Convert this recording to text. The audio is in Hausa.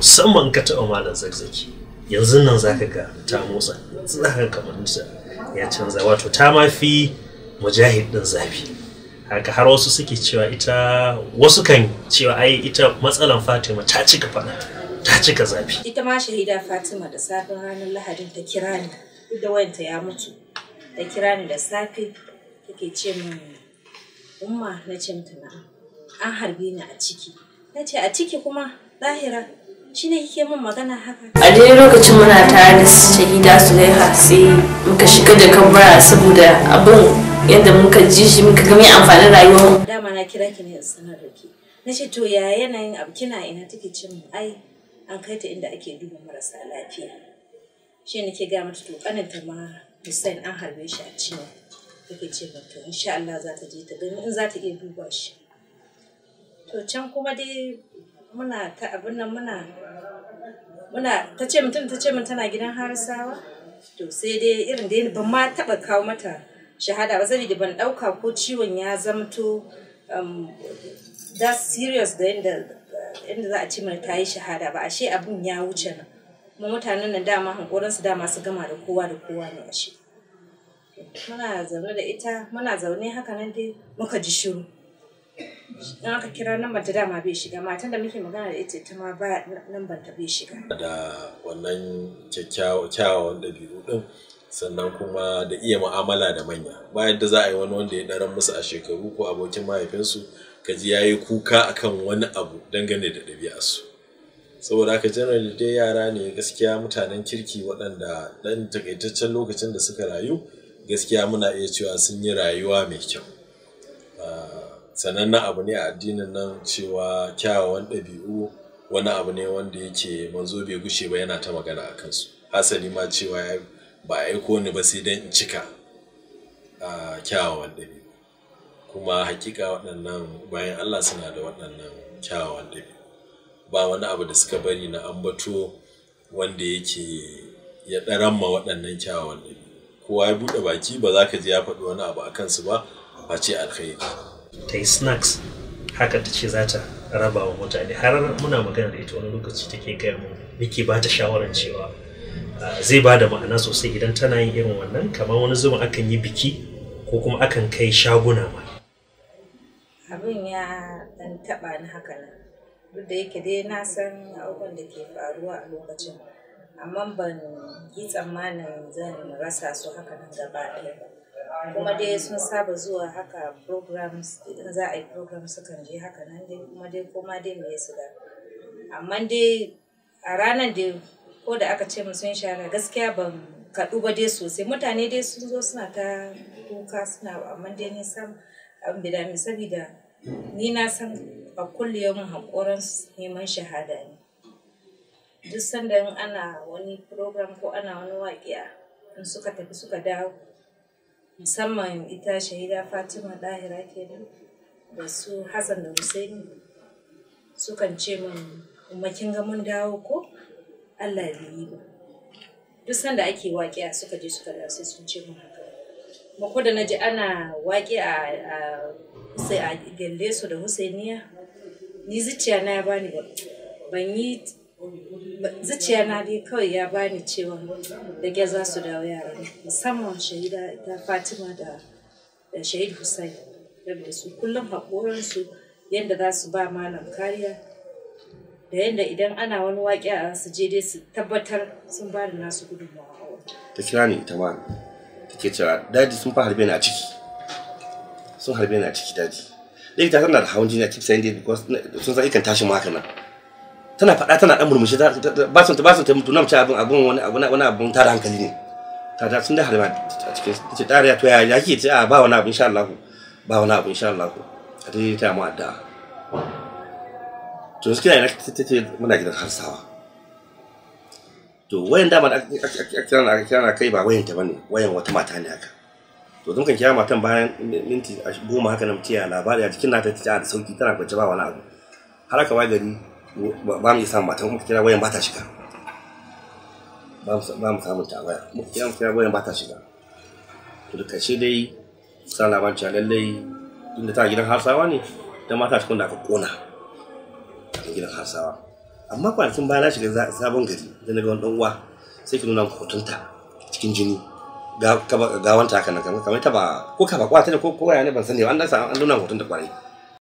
musamman ka taɓa malam zagzaki yanzu nan za ka ga ta motsa yanzu za ka kamarinta ya canza wato ta ma fi mujahid ɗin zafi haka har wasu suke cewa ita wasu kan cewa ai ita matsalan fatima ta cika fada ta cika zafi ita ma shahida fatima da safin ranar lahadin ta kira ni duk da wayanta ya mutu ta kira ni da safe take ce min umma na ce mata na'am an harbe ni a ciki na ce a ciki kuma zahira shine kike min magana haka a dai lokacin muna tare da shahida sulaiha sai muka shiga da kabara saboda abin yadda muka ji shi muka ga mai amfanin rayuwar dama na kira ki ne in sanar da ki na ce to ya yanayin abu kina ina take ce mu ai an kai ta inda ake duba marasa lafiya shi ne ke gaya mata to kananta ma Hussein an harbe shi a ciwo take ce mata insha Allah za ta je ta gani in za ta iya duba shi to can kuma dai muna ta abin nan muna muna ta ce mutum ta ce mun tana gidan harisawa to sai dai irin da ban ma taba kawo mata shahada ba saboda ban dauka ko ciwon ya zamto um, that serious da yadda inda za a ce mai ta yi shahada ba ashe abin ya wuce nan kuma mutanen nan dama hankoran su dama su gama da kowa da kowa ne ashe muna zaune da ita muna zaune haka nan dai muka ji shiru in aka kira lambar da dama bai shiga matan da muke magana da ita ta ma ba lambar da bai shiga da wannan kyakkyawan ɗabi'u ɗin sannan kuma da iya ma'amala da manya bayan da za a yi wani wanda ya ɗaran musu a shekaru ko abokin mahaifinsu ka ji ya yi kuka akan wani abu dangane da su. saboda haka janar dai yara ne gaskiya mutanen kirki waɗanda ɗan takaitaccen lokacin da suka rayu gaskiya muna iya cewa sun yi rayuwa mai kyau sanannen abu ne a addinin nan cewa kyawawan ɗabi'u wani abu ne wanda yake manzo bai gushe ba yana ta magana a kansu hasali ma cewa ba a aiko ni ba sai dan in cika a kyawawan ɗabi'u kuma hakika waɗannan bayan Allah suna da waɗannan kyawawan ɗabi'u ba wani abu da suka bari na ambato wanda yake ya ɗaramma waɗannan kyawawan ɗabi'u kowa ya buɗe baki ba za ka ji ya faɗi wani abu a kansu ba face alkhairi ta yi snacks haka ta ce za ta raba wa mutane har muna magana da ita wani lokaci take gaya mu muke ba ta shawarar cewa ah, zai ba da ma'ana sosai idan tana yin irin wannan kamar wani zuma akan yi biki ko kuma akan kai shaguna ma abin ya dan taba ni haka nan duk da yake dai na san abubuwan da ke faruwa a lokacin amma ban yi tsammanin zan rasa su haka nan gaba ɗaya ba kuma dai sun saba zuwa haka programs za a yi program kan je haka nan dai kuma dai koma dai mai su da amma dai a ranar da ko da aka ce sun shara gaskiya ban kaɗu ba dai sosai mutane dai sun zo suna ta kuka suna amma dai ni sam an bida mi saboda ni na san a kulliyar mun haƙoran neman shahada ne duk sanda ana wani program ko ana wani waƙiya in suka tafi suka dawo musamman ita shahida fatima ɗahira kenan da su hassan da husaini sukan ce min umakin ga mun dawo ko allah yi ba duk sanda ake a suka je suka da sai sun ce min haka ba ko da naji ana waƙe a a gelle su da husainiya ni zuciya na ya bani ba ban yi zuciya na dai kawai ya bani cewa da ke za su dawo yara musamman shahida ta fatima da da shahid hussein da su kullum haƙoransu yadda za su ba malam kariya da yadda idan ana wani waƙi a su je dai su tabbatar sun ba da nasu gudunmawa ta kira ne ita ma ta ke cewa daji sun fa harbe ni a ciki sun harbe ni a ciki daji likita tana da hawan jini a keep saying dai because sun san ikan tashi ma haka nan tana faɗa tana ɗan murmushi ba sun ta ba sun ta mutu namci abin abin wani abu wani abin tara hankali ne ta ta sun da halima a cikin ce tare ya toya ya ce a ah, ba wani abu insha Allah ba wani abu insha Allah a dai ta mu addu'a to suke yana tace muna gidan harsawa to wayan ma da aka kira na kai ba wayan ta bane wayan wata mata ne haka to dun kan kira matan bayan minti goma haka na mutiya labari a cikin nata ta ah, da sauki tana kwance ba wani abu har aka gari ba mu samu mata muka kira wayan ba ta shiga ba mu samu ta waya muka kira kira wayan ba ta shiga to da shi dai sa labar cewa lallai inda ta gidan harsawa ne ta mata cikin da aka kona a gidan harsawa amma kwanakin baya na shiga sabon gari da na ga wani uwa sai ki nuna hotunta cikin jini gawanta haka nan kamar ta ba ko ka ba kwata ne ko kowa ne ban sani ba an nuna hotunta kwarai